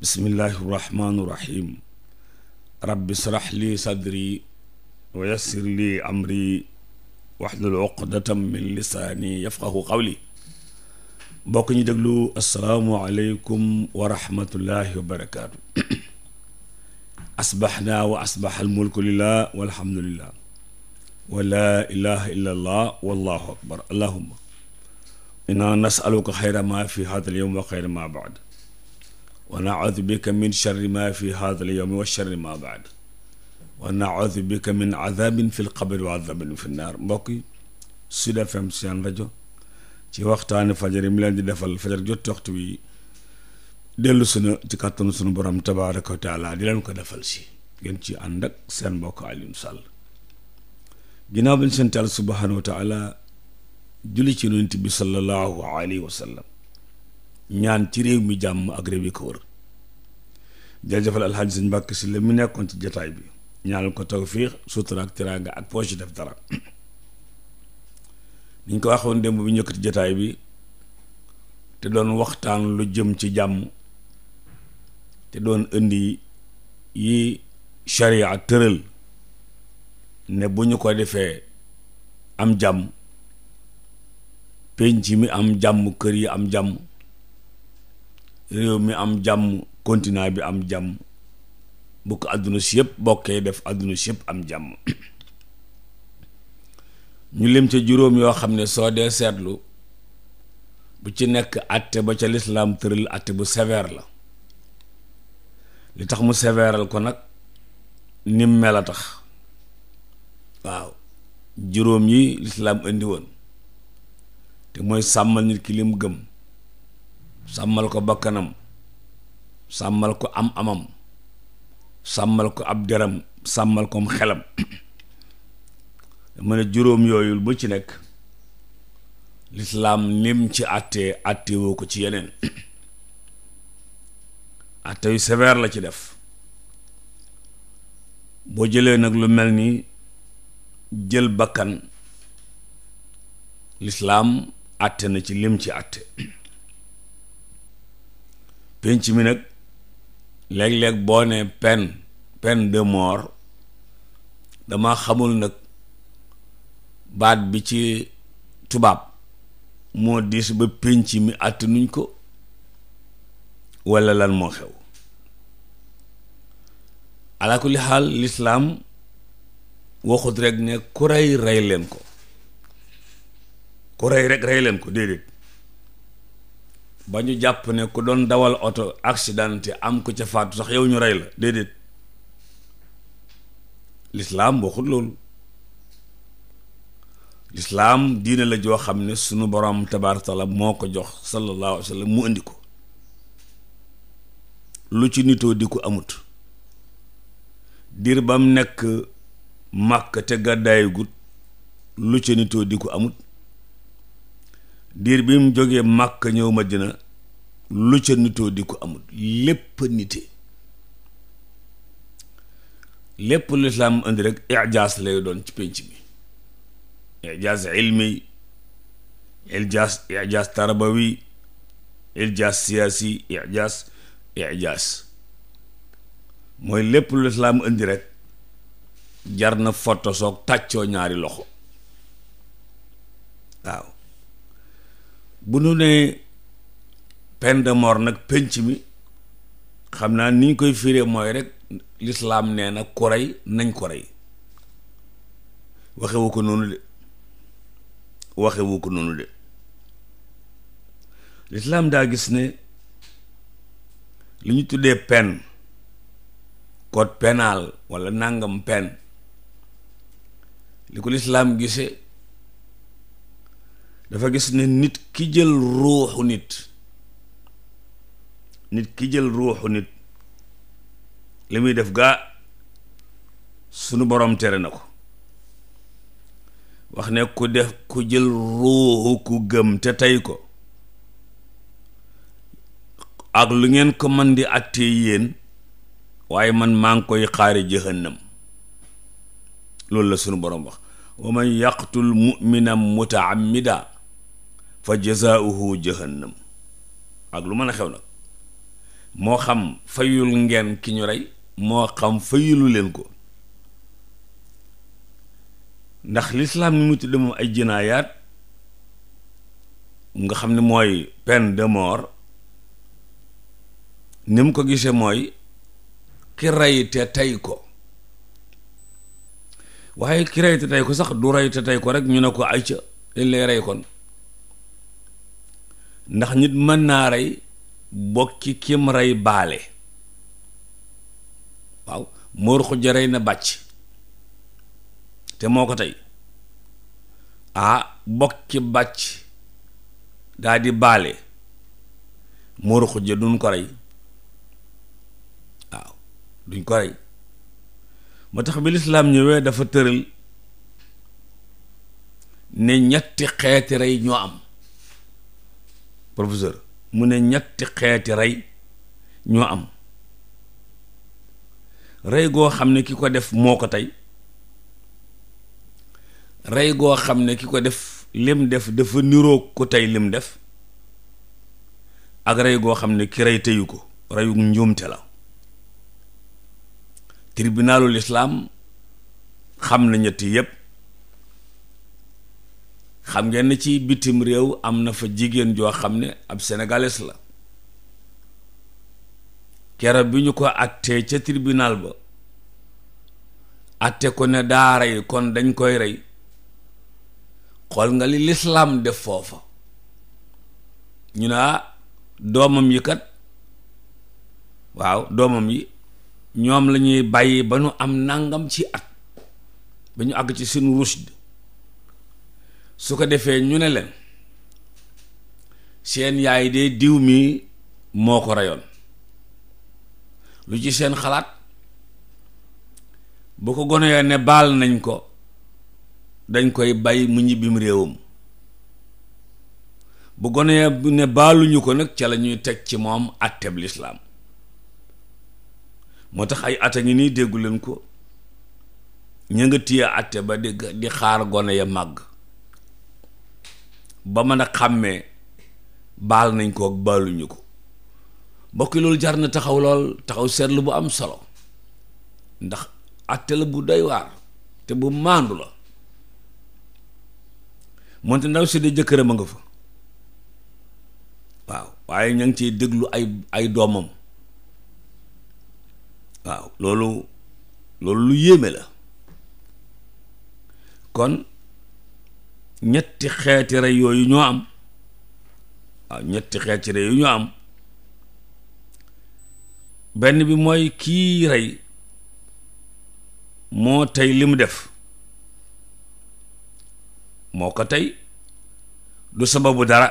bismillahi irrahmaani irrahim rabbi srax li sadri wa yassir li amri waxlul uqdatam min lisaani yafqahu qawli bokk ñu déglu asalaamualeykum wa rahmatullahi wa barakaatu asbaxnaa wa asbaxa almulku lillah walhamdulillah wa laa ilaha illa allah wallahu akbar allahuma inna nasaluka xayra ma fi hada alyowm wa xayra ma baad wa naudu bika min sharri ma fi hada al yowmi wa sharri ma baad wa naudu bika min adabin fi lqabri wa adabin fi nnaar mbokk yi Sud FM seen rajo ci waxtaani fajar yi mu di defal fajar jot waxtu wi dellu sunu ci kàttanu sunu borom tabaaraka wa di leen ko defal si ngeen ci ànd ak seen mbokk Alioune Sall ginnaaw bi ñu seen taal subhaanahu wa taala julli ci yonent bi sallallahu alayhi wa ñaan ci réew mi jàmm ak réew yi ko wër jërëjëfal alxaaji sëñ si la mu nekkoon ci jataay bi ñaanal ko tawfiix sutura ak teraanga ci poche def dara ni ko waxoon démb bi ñëkkati jataay bi te doon waxtaan lu jëm ci jàmm te doon indi yi sharia tëral ne bu ñu ko defee am jàmm penc mi am jàmm kër yi am jàmm réew mi am jàmm continant bi am jàmm bu ko àdduna si yëpp bokkee def àdduna si yëpp am jàmm ñu lim ca juróom yoo xam ne soo dee seetlu bu ci nekk àtte ba ca lislaam tëral àtte bu sévère la li tax mu sévéral ko nag nim mel a tax waaw juróom yi lislaam indi woon te mooy sàmmal nit ki lim gëm sàmmal ko bakkanam sàmmal ko am amam sàmmal ko ab deram sàmmal ko xelam mu juróom yooyul bu ci nekk lislaam nim ci àttee àttewoo ko ci yeneen àtte yu sévère la ci def boo jëlee nag lu mel ni jël bakkan lislaam àtte na ci lim ci àtte penc mi nag léeg-léeg boo ne peine peine de mort dama xamul nag baat bi ci tubaab moo diis ba penc mi àtt nuñ ko walla lan moo xew alaakulli xaal lislaam waxut rek ne ku rey rey leen ko ku rey rek rey leen ko déedéet ba ñu jàpp ne ku doon dawal oto accidenté am ko ca faatu sax yow ñu rey la déedéet lislaam waxut loolu lislaam diine la joo xam ne sunu borom tabaaraka taala moo ko jox sallallahu alayhi mu indi ko lu ci nitoo di ko amut diir bam nekk màkk te gàddaayu gut lu ci nitoo di ko amut diir bi mu jógee màkk ñëw Madina lu ca nitoo di ko amul lépp nite lépp lu islaam indi rek ijaas lay doon ci pénc mi ijaas ilmi ijaas tarbawi ijaas siyaasi ijaas ijaas mooy lépp lu indi rek jar na foto tàccoo ñaari loxo waaw bu nu nee peine de mort nag penc mi xam naa niñ koy firee mooy rek lislaam nee na ku nañ ko rey waxewu ko noonu de waxewu ko noonu lislaam daa gis ne li ñu tuddee pen code pénal walla nàngam peine li ko lislaam gise dafa gis ne nit ki jël ruuxu nit nit ki jël ruuxu nit li muy def gaa sunu borom tere na ko wax ne ku def ku jël ruuxu ku gëm te tey ko ak lu ngeen ko mën di àttee yéen waaye man maa ngi koy xaari jëhannam loolu la sunu borom wax wa man yaqtul mu'mina mutaamida fa jazaauhu jahannam ak lu mën a xew nag moo xam fayul ngeen ki ñu rey moo xam fayulu leen ko ndax lislaam ni mu tudde moom ay jinaayaat nga xam ne mooy peine de mort ni mu ko gisee mooy ki rey te tey ko waaye ki rey te tey ko sax du rey te tey ko rek ñu ne ko ay ca dañ lay rey kon ndax nit mën naa rey bokki kim rey baale waaw móor xuj rey na bàcc te moo ko tey ah bokki bàcc daa di baale móor xuj duñ ko rey waaw duñ ko rey moo tax bi lislaam ñëwee dafa tëral ne ñetti xeeti rey ñoo am professeur mu ne ñetti xeeti rey ñoo am rey goo xam ne ki ko def moo ko tey rey goo xam ne ki ko def lim def dafa niroog ko tey lim def ak rey goo xam ne ki rey teyu ko reyu njuumte la tribunalul islaam xam na ñett yépp xam ngeen ne ci bitim réew am na fa jigéen joo xam ne ab senegales la keroog bi ñu ko attee ca tirbinal ba atte ko ne daara yi kon dañ koy rey xool nga li lislaam def foofa ñu naa ah, doomam yi kat waaw doomam yi ñoom lañuy bàyyi ba nu am nangam ci at ba ñu àgg ci seen rushd su ko defee ñu ne leen seen yaay de diw mii moo ko reyoon lu ci seen xalaat bu ko gone yoo ne baal nañ ko dañ koy bay mu ñibbim réewam bu gone yoo ne baaluñu ko nag ca lañuy teg ci moom àtteb lislaam moo tax ay at a ngi nii déggu ko ña nga téye àtte ba di di xaar gone ya màgg ba mën a xàmmee baal nañ ko ak baaluñu ko mbokk loolu jar na taxaw lool taxaw seetlu bu am solo ndax àtte la bu doy waar te bu maandu la moonte ndaw si de jëkkëram a nga fa waaw waaye ña ngi ciy déglu ay ay doomam waaw loolu loolu lu yéeme la kon ñetti xeeti rey yooyu ñoo am waaw ñetti xeeti rey yooyu ñoo am benn bi mooy kii rey moo tey li def moo ko tey du sababu dara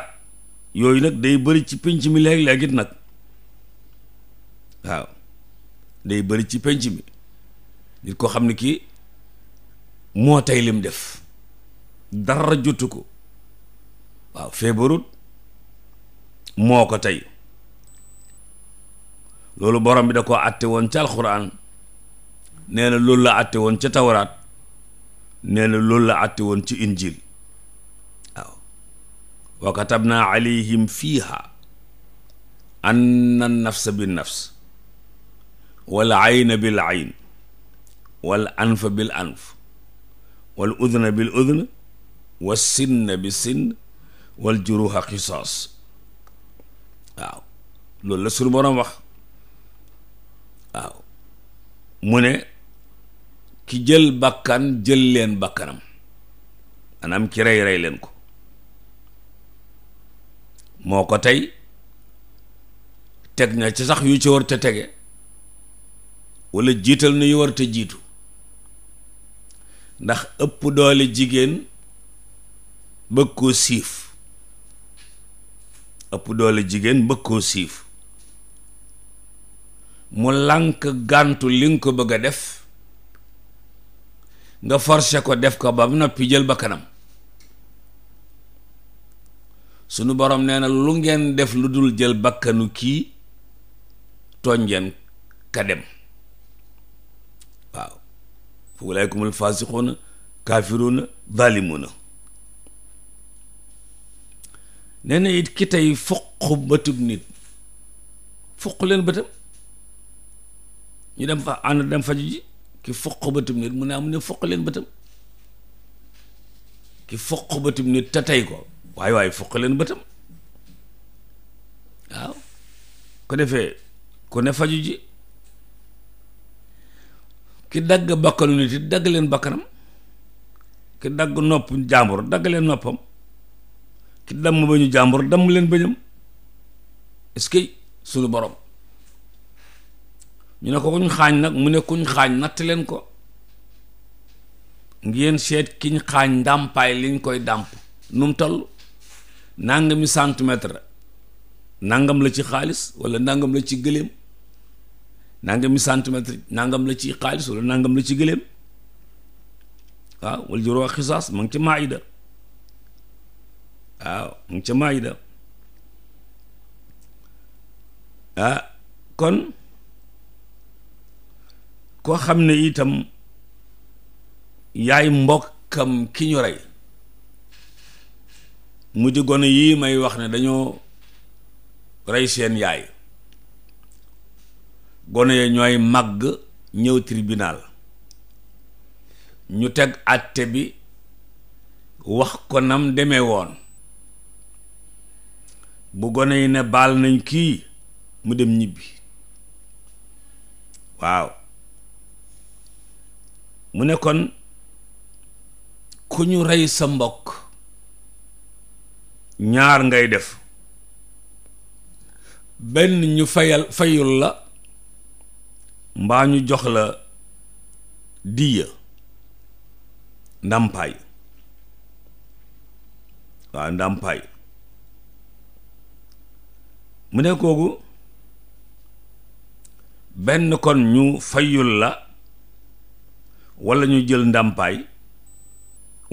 yooyu nag day bëri ci penc mi léeg-léeg nag waaw day bëri ci penc mi nit koo xam ne kii moo tey lim def dara jotu ko waaw moo ko tey loolu borom bi da ko àtte woon ca alxuraan nee na loolu la àtte woon ca tawraat nee na loolu la àtte ci injil waaw wa katabna alayhim fiiha anna nafsa bin nafs wal ayna bil ayn wal anfa bil anf wal udna bil udna wa sinn bi sinn wal juruha qisaas waaw loolu la su suñu boroom wax waaw mu ne ki jël bakkan jël leen bakkanam anam ki rey rey leen ko moo ko tey teg na ci sax yu ci war te tege walla jiital na yu war te jiitu ndax ëpp doole jigéen bëgg koo siif ëpp doole jigéen bëgg koo siif mu lànk gantu li nga ko bëgg a def nga forcé ko def ko ba noppi jël bakkanam sunu boroom nee na lu ngeen def lu dul jël bakkanu kii tooñ ngeen ka dem waaw fa ulaa'ikumul faasiquuna kaafiruuna zaalimuuna nee it ki tey fuq bëtub nit fuq leen bëtam ñu dem fa ànd dem faju ji ki fuq bëtub nit mu ne am ne fuq leen bëtam ki fuq bëtub nit te tey ko waaye waaye fuq leen bëtam waaw ko defee ku ne faju ji ki dagg bakkanu nit it dagg leen bakkanam ki dagg noppu jàmbur dagg leen noppam ki damm ba ñu jàmbur damm leen bëñam est-ce que suñu borom ñu ne ko kuñ xaañ nag mu ne kuñ xaañ natt leen ko ngeen seet kiñ xaañ ndàmpaay liñ koy dàmp nu mu toll nangami centimètre nangam la ci xaalis wala nangam la ci gëléem nangami centimètre nangam la ci xaalis nangam la ci gëléem waaw wal juróo xisaas ngi ci maayida waaw ah, mu ngi ca maayda ah, kon koo xam ne itam yaay mbokkam ki ñu rey mu di gone yii may wax ne dañoo rey seen yaay gone ya ñooy màgg ñëw tribunal ñu teg àtte bi wax ko nam demee woon bu gone yi ne baal nañ kii mu dem ñibbi waaw mu nekkoon ku ñu rey sa mbokk ñaar ngay def benn ñu fayal fayul la mbaa ñu jox la diya ndàmpaay waaw ndàmpaay mu ne kooku benn kon ñu fayul la walla ñu jël ndàmpaay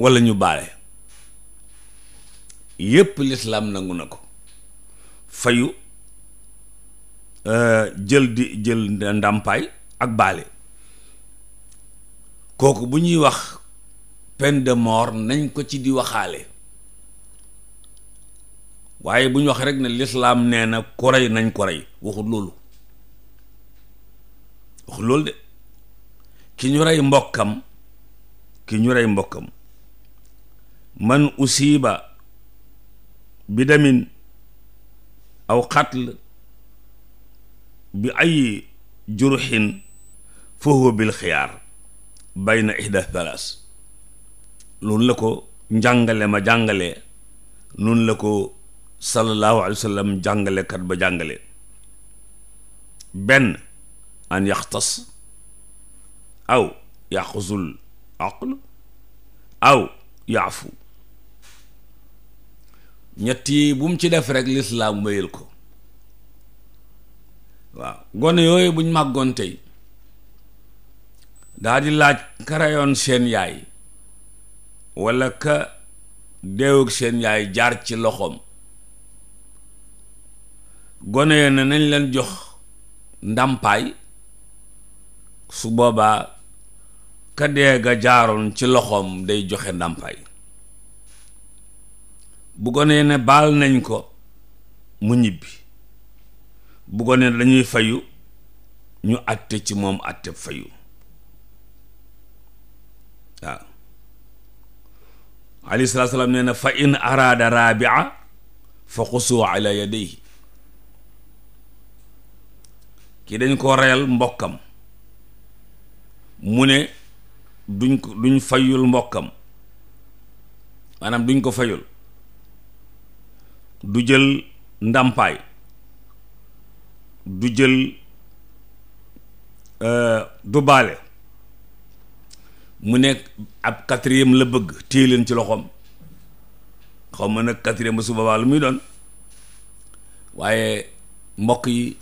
walla ñu baale yépp lislaam nangu na ko fayu uh, jël di jël ndàmpaay ak baale kooku bu ñuy wax pen de mort nañ ko ci di waxaale waaye bu ñu wax rek ne lislaam nee na ku rey nañ ko rey waxut loolu waxut loolu de ki ñu rey mbokkam ki ñu rey mbokkam man usiiba bitamin aw xatl bi ay juruxin fa huwa bil xiyaar bayna ihda thalaas loolu la ko njàngale ma jàngale noonu la ko sallallahu alayhi wa jàngalekat ba jàngale benn an yaxtas aw yaxusul aql aw yaafu ñett yi ci def rek lislaam wéyal ko waaw gone yooyu buñ màggoon tey daa di laaj karayoon seen yaay walla ka deewug seen yaay jaar ci loxoom gone na nañ leen jox ndàmpaay su boobaa ka dee ga jaaroon ci loxoom day joxe ndàmpaay bu gone ne baal nañ ko mu ñibbi bu gone dañuy fayu ñu àtte ci moom àtte fayu waaw alayhi salaatu salaam nee fa in araada raabia fa xusuu ala yadayhi kii dañ ko rayal mbokkam mu ne duñ ko duñ fayul mbokkam maanaam duñ ko fayul du jël ndàmpaay du jël euh, du baale mu nekk ab quatrième la bëgg téye leen ci loxoom xaw mën a quatrième ba su muy doon waaye mbokk yi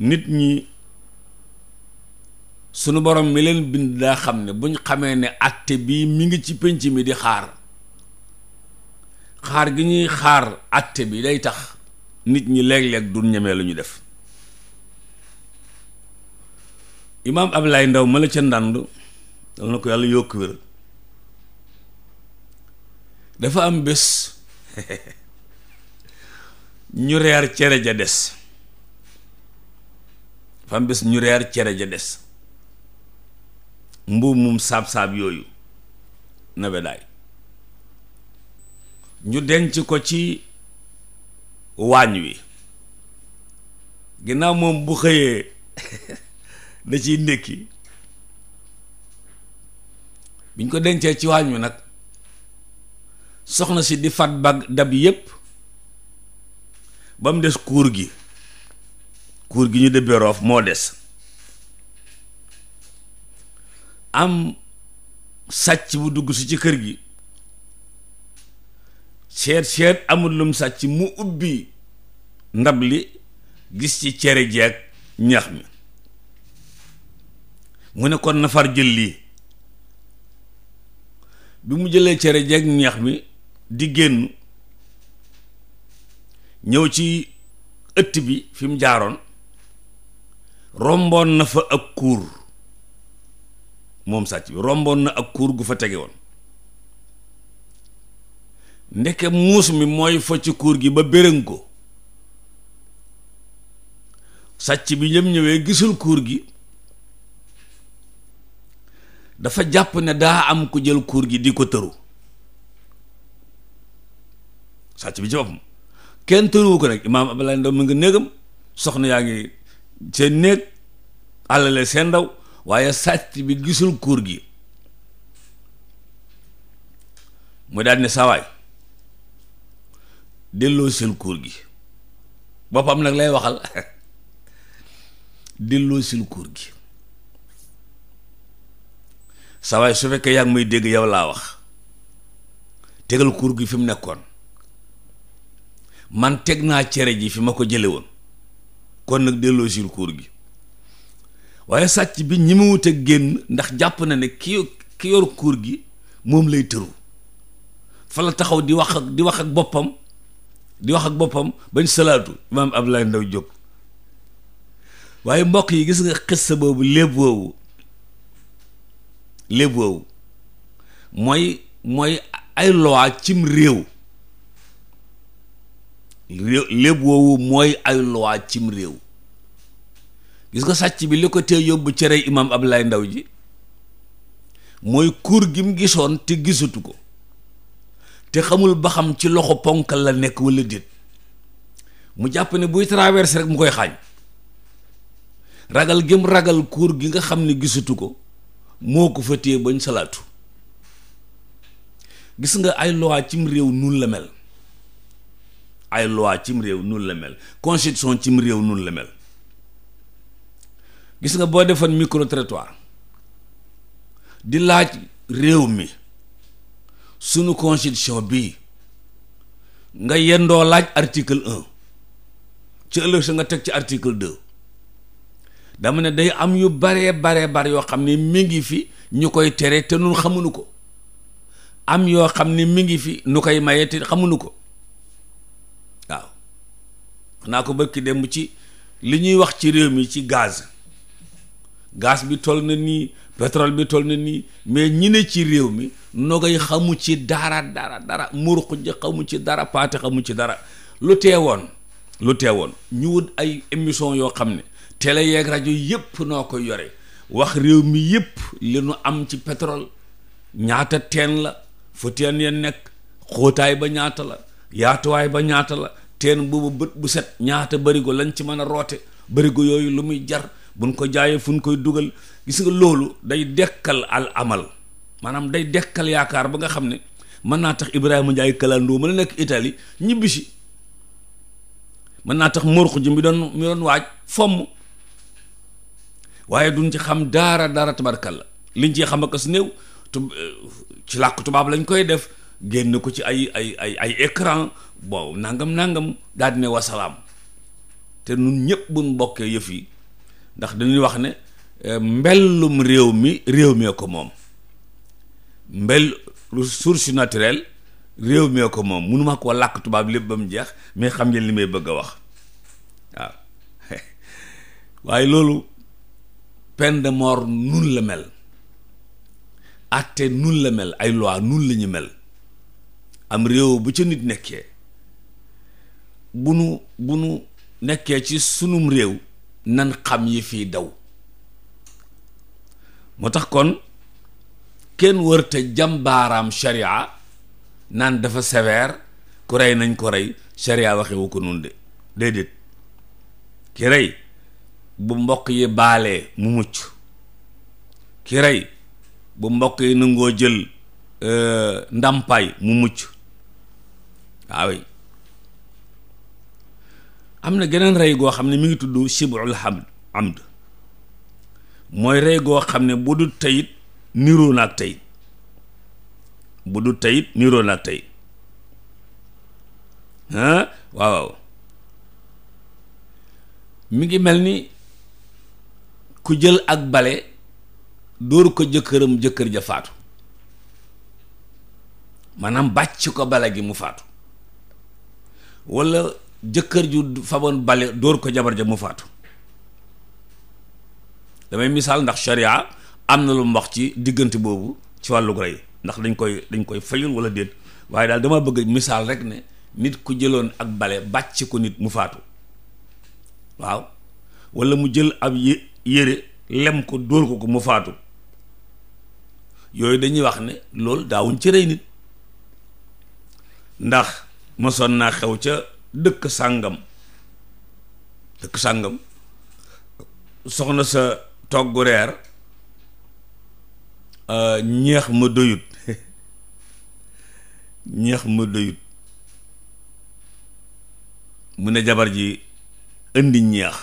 nit ñi sunu boroom mi leen bind daa xam ne buñ xamee ne àtte bii mi ngi ci pénc mi di xaar xaar gi ñuy xaar àtte bi day tax nit ñi léeg-léeg du ñemee lu ñu def imaam Ablaye Ndaw ma la ca ndànd dal na ko yokk dafa am bés ñu reer cere ja des fam bés ñu reer cere ja des mbuub mum saab-saab yooyu nawedaay ñu denc ko ci waañ wi ginnaaw moom bu xëyee da ciy ndékki biñ ko dencee ci waañ wi nag soxna si di fat bag dab yépp ba mu des kuur gi kuur gi ñu dëbbee roof moo des am sàcc bu dugg si ci kër gi seet seet amul lum sàcc mu ubbi ndab li gis ci cere jeeg ñax mi mu ne kon nafar jël lii bi mu jëlee cere jeeg ñax mi di génn ñëw ci ëtt bi fi mu jaaroon romboon na fa ak kuur moom sàcc bi romboon na ak kuur gu fa tege woon ndeke muus mi mooy fa kuur gi ba bérëng ko sàcc bi ñëm ñëwee gisul kuur gi dafa jàpp ne daa am ku jël kuur gi di ko tëru sàcc bi ci boppam kenn tëruwu ko rek imaam Abdoulaye Ndaw mu ngi néegam soxna yaa ngi ca néeg àllale seen ndaw waaye sàcc bi gisul kuur gi mu daal ne sawaay delloo sil kuur gi boppam nag lay waxal delloo sil kuur gi sawaay su fekkee yaa muy dégg yow laa wax tegal kuur gi fi mu nekkoon man teg naa cere ji fi ma ko jële woon kon nag delloo sil kuur gi waaye sàcc bi ñi mu wut a génn ndax jàpp na ne ki ki yor kuur gi moom lay tëru fa la taxaw di wax ak di wax ak boppam di wax ak boppam bañ salaatu imaam Abdoulaye Ndaw jóg waaye mbokk yi gis nga xissa boobu léeb woowu léeb woowu mooy mooy ay loi cim réew léeb woowu mooy ay loi cim réew gis nga sàcc bi li ko tee yóbbu cere imaam Abdoulaye Ndaw ji mooy kuur gi mu gisoon te gisatu ko te xamul ba xam ci loxo ponkal la nekk walla déet mu jàpp ne buy traverse rek mu koy xaañ ragal gëm ragal kuur gi nga xam ne gisatu ko moo ko fa téye bañ salaatu gis nga ay loi cim réew nun la mel ay loi cim réew nun la mel constitution cim réew nun la mel gis nga boo defoon micro trottoir di laaj réew mi sunu constitution bii nga yendoo laaj article un ci ëllëg sa nga teg ci article deux dama ne day am yu baree baree bare yoo xam ne mi ngi fi ñu koy tere te nun xamuñu ko am yoo xam ni mi ngi fi nu koy maye te xamuñu ko naa ko bëkki dem ci li ñuy wax ci réew mi ci gaz gaz bi toll na nii petrol bi toll na nii mais ñi ne ci réew mi nogay xamu ci dara dara dara muruq ja xamu ci dara paate xamu ci dara lu teewoon lu teewoon ñu wut ay émission yoo xam ne télé yeeg rajo yépp noo ko yore wax réew mi yépp li nu am ci pétrole ñaata teen la fu teen ya nekk xootaay ba ñaata la yaatuwaay ba ñaata la teen boobu bët bu set ñaata barigo lañ ci mën a roote barigo yooyu lu muy jar buñ ko jaayee fu ñu koy dugal gis nga loolu day dekkal al amal maanaam day dekkal yaakaar ba nga xam ne mën naa tax Ibrahima Ndiaye kalandoo mën na nekk itali ñibbi ñibbisi mën naa tax morxu ji mi doon mi doon waaj fomm waaye duñ ci xam daara daara la liñ ci xam ak as néew tu euh, ci làkk tubaab lañ koy def génn ko ci ay ay ay ay écran bon nangam nangam daal di wasalaam te nun ñëpp buñ bokkee yëf yi ndax dañuy wax ne eh, mbellum réew mi réew mee ko moom mbel ressource naturelle réew mee ko moom mënuma koo làkk tubaab lépp ba mu jeex mais xam ngeen li may bëgg a wax waaw waaye loolu peine de mort nun la mel ate nun la mel ay loi nun lañu mel am réew bu ca nit nekkee bu nu bu nu nekkee ci sunum réew nan xam yi fii daw moo tax kon kenn wërte jam baaraam sharia naan dafa seweer ku rey nañ ko rey sharia waxewu ko nun de déedéet ki rey bu mbokk yi baalee mu mucc ki rey bu mbokk yi nangoo jël euh, ndàmpaay mu mucc waaw am na geneen rey goo xam ne mu ngi tudd shibul hamd amd mooy rey goo xam ne bu dul tayit niroo na ak tey bu dul tayit niroo ak tey ah waaw mi ngi mel ni ku jël ak bale dóor ko jëkkëram jëkkër ja faatu maanaam bàcc ko bale gi mu faatu walla jëkkër ju faboon bale dóor ko jabar ja mu faatu damay misaal ndax sharia am na lu mu wax ci diggante boobu ci wàllu rey ndax dañ koy dañ koy fayul wala déet waaye daal dama bëgg misaal rek ne nit ku jëloon ak bale bàcc ko nit mu faatu waaw wala mu jël ab yé yére lem ko dóor ko ko mu faatu yooyu dañuy wax ne loolu daawuñ ci rey nit ndax mosoon naa xew ca dëkk sàngam dëkk sàngam soxna sa togg reer euh, ñeex ma doyut ñeex ma doyut mu ne jabar ji indi ñeex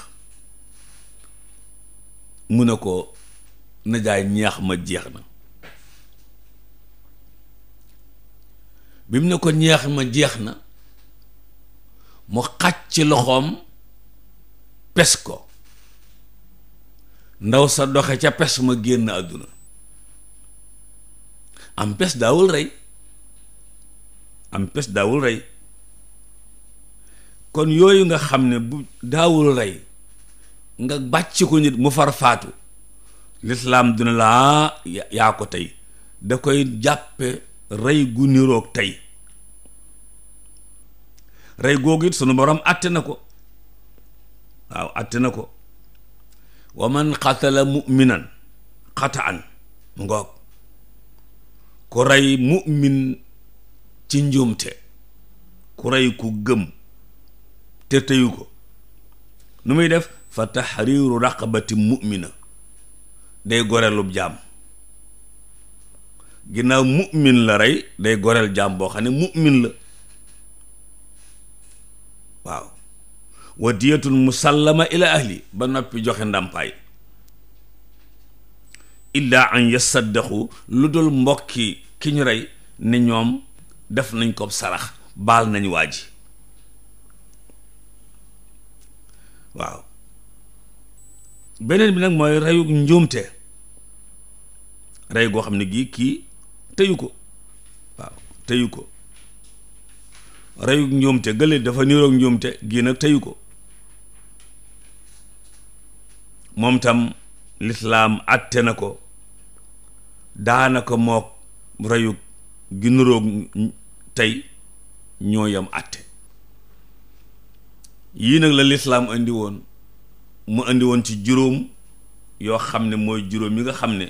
mu ne ko na jaay ñeex ma jeex na bi mu ne ko ñeex ma jeex na mu xàcc loxoom pes ko ndaw sa doxe ca pes ma génn àdduna am pes daawul rey am pes daawul rey kon yooyu nga xam ne bu daawul rey nga bàcc ko nit mu far faatu lislaam dina laa yaa ko tey da koy jàppe rey gu niroog tey rey googu it sunu boroom atte ko waaw atte ko wa man xatala muminan xataan mu ngoog ku rey mumin ci njuumte ku rey ku gëm te tëyu ko nu muy def fa tahriru raqabati mumina day gorelub jaam ginnaaw mumin la rey day gorel jaam boo xam ne mumin la wa diyatun musallama ila ahli ba noppi joxe ndàmpaay illa an yasaddaxu lu dul mbokki ki ñu rey ne ñoom def nañ ko sarax baal nañ waa waaw beneen bi nag mooy reyu njuumte rey goo xam ne gii kii tëyu ko waaw tëyu ko reyu njuumte gële dafa niroog njuumte gii nag tëyu ko moom tam lislaam atte na ko daanaka mook reyu ginuroog tey ñoo yam atte yii nag la lislaam indi woon mu indi woon ci juróom yoo xam ne mooy juróom yi nga xam ne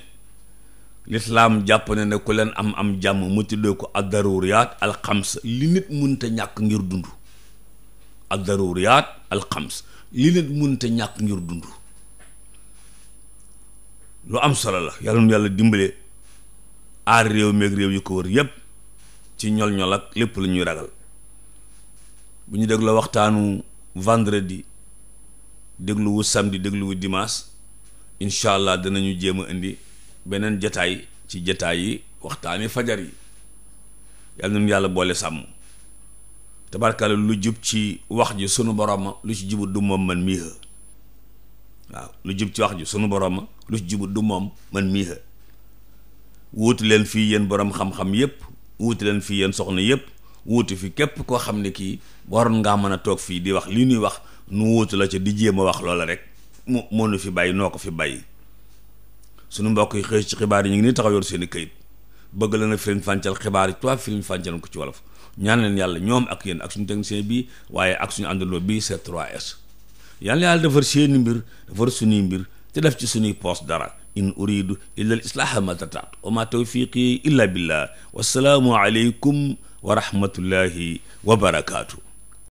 lislaam jàpp na ne ku leen am am jàmm mu tuddee ko addaruriyaat alxams li nit munta ñàkk ngir dund addaruriyaat alxams li nit munta ñàkk ngir dund lu am solo la yàlla nu yàlla dimbale aar réew meeg réew yu ko wër yépp ci ñol-ñol ak lépp lu ragal bu ñu dégloo waxtaanu vendredi dégluwu samedi dégluwu dimaas incha allah danañu jéem a indi beneen jataay ci jataay yi waxtaani fajar yi yàlla nun yàlla boole sàmm tabarkalla lu jub ci wax ji sunu borom lu ci jubu du moom man mii waaw lu jub ci wax ji sunu borom lu jubut du moom man mii ha wuutu leen fii yéen borom xam-xam yépp wuutu leen fii yéen soxna yépp wuuti fi képp koo xam ne kii waroon ngaa mën a toog fii di wax li ñuy wax nu wuutu la ci di jéem a wax loola rek mu moo nu fi bàyyi noo ko fi bàyyi sunu mbokk yi xëy ci xibaar yi ñu ngi ni taxaw yor seen i këyit bëgg la na firim fàncal xibaar yi toi firim fàncal ko ci wolof ñaan leen yàlla ñoom ak yéen ak suñu technicien bii waaye ak suñu àndandoo bii c s yàlla yàlla defar seeni mbir defar suñuy mbir te def ci suñuy poos dara in uridu illa al islaaha ma tataatu wa ma tawfiqi illa billah wassalaamu aleykum wa rahmatullahi wa barakaatu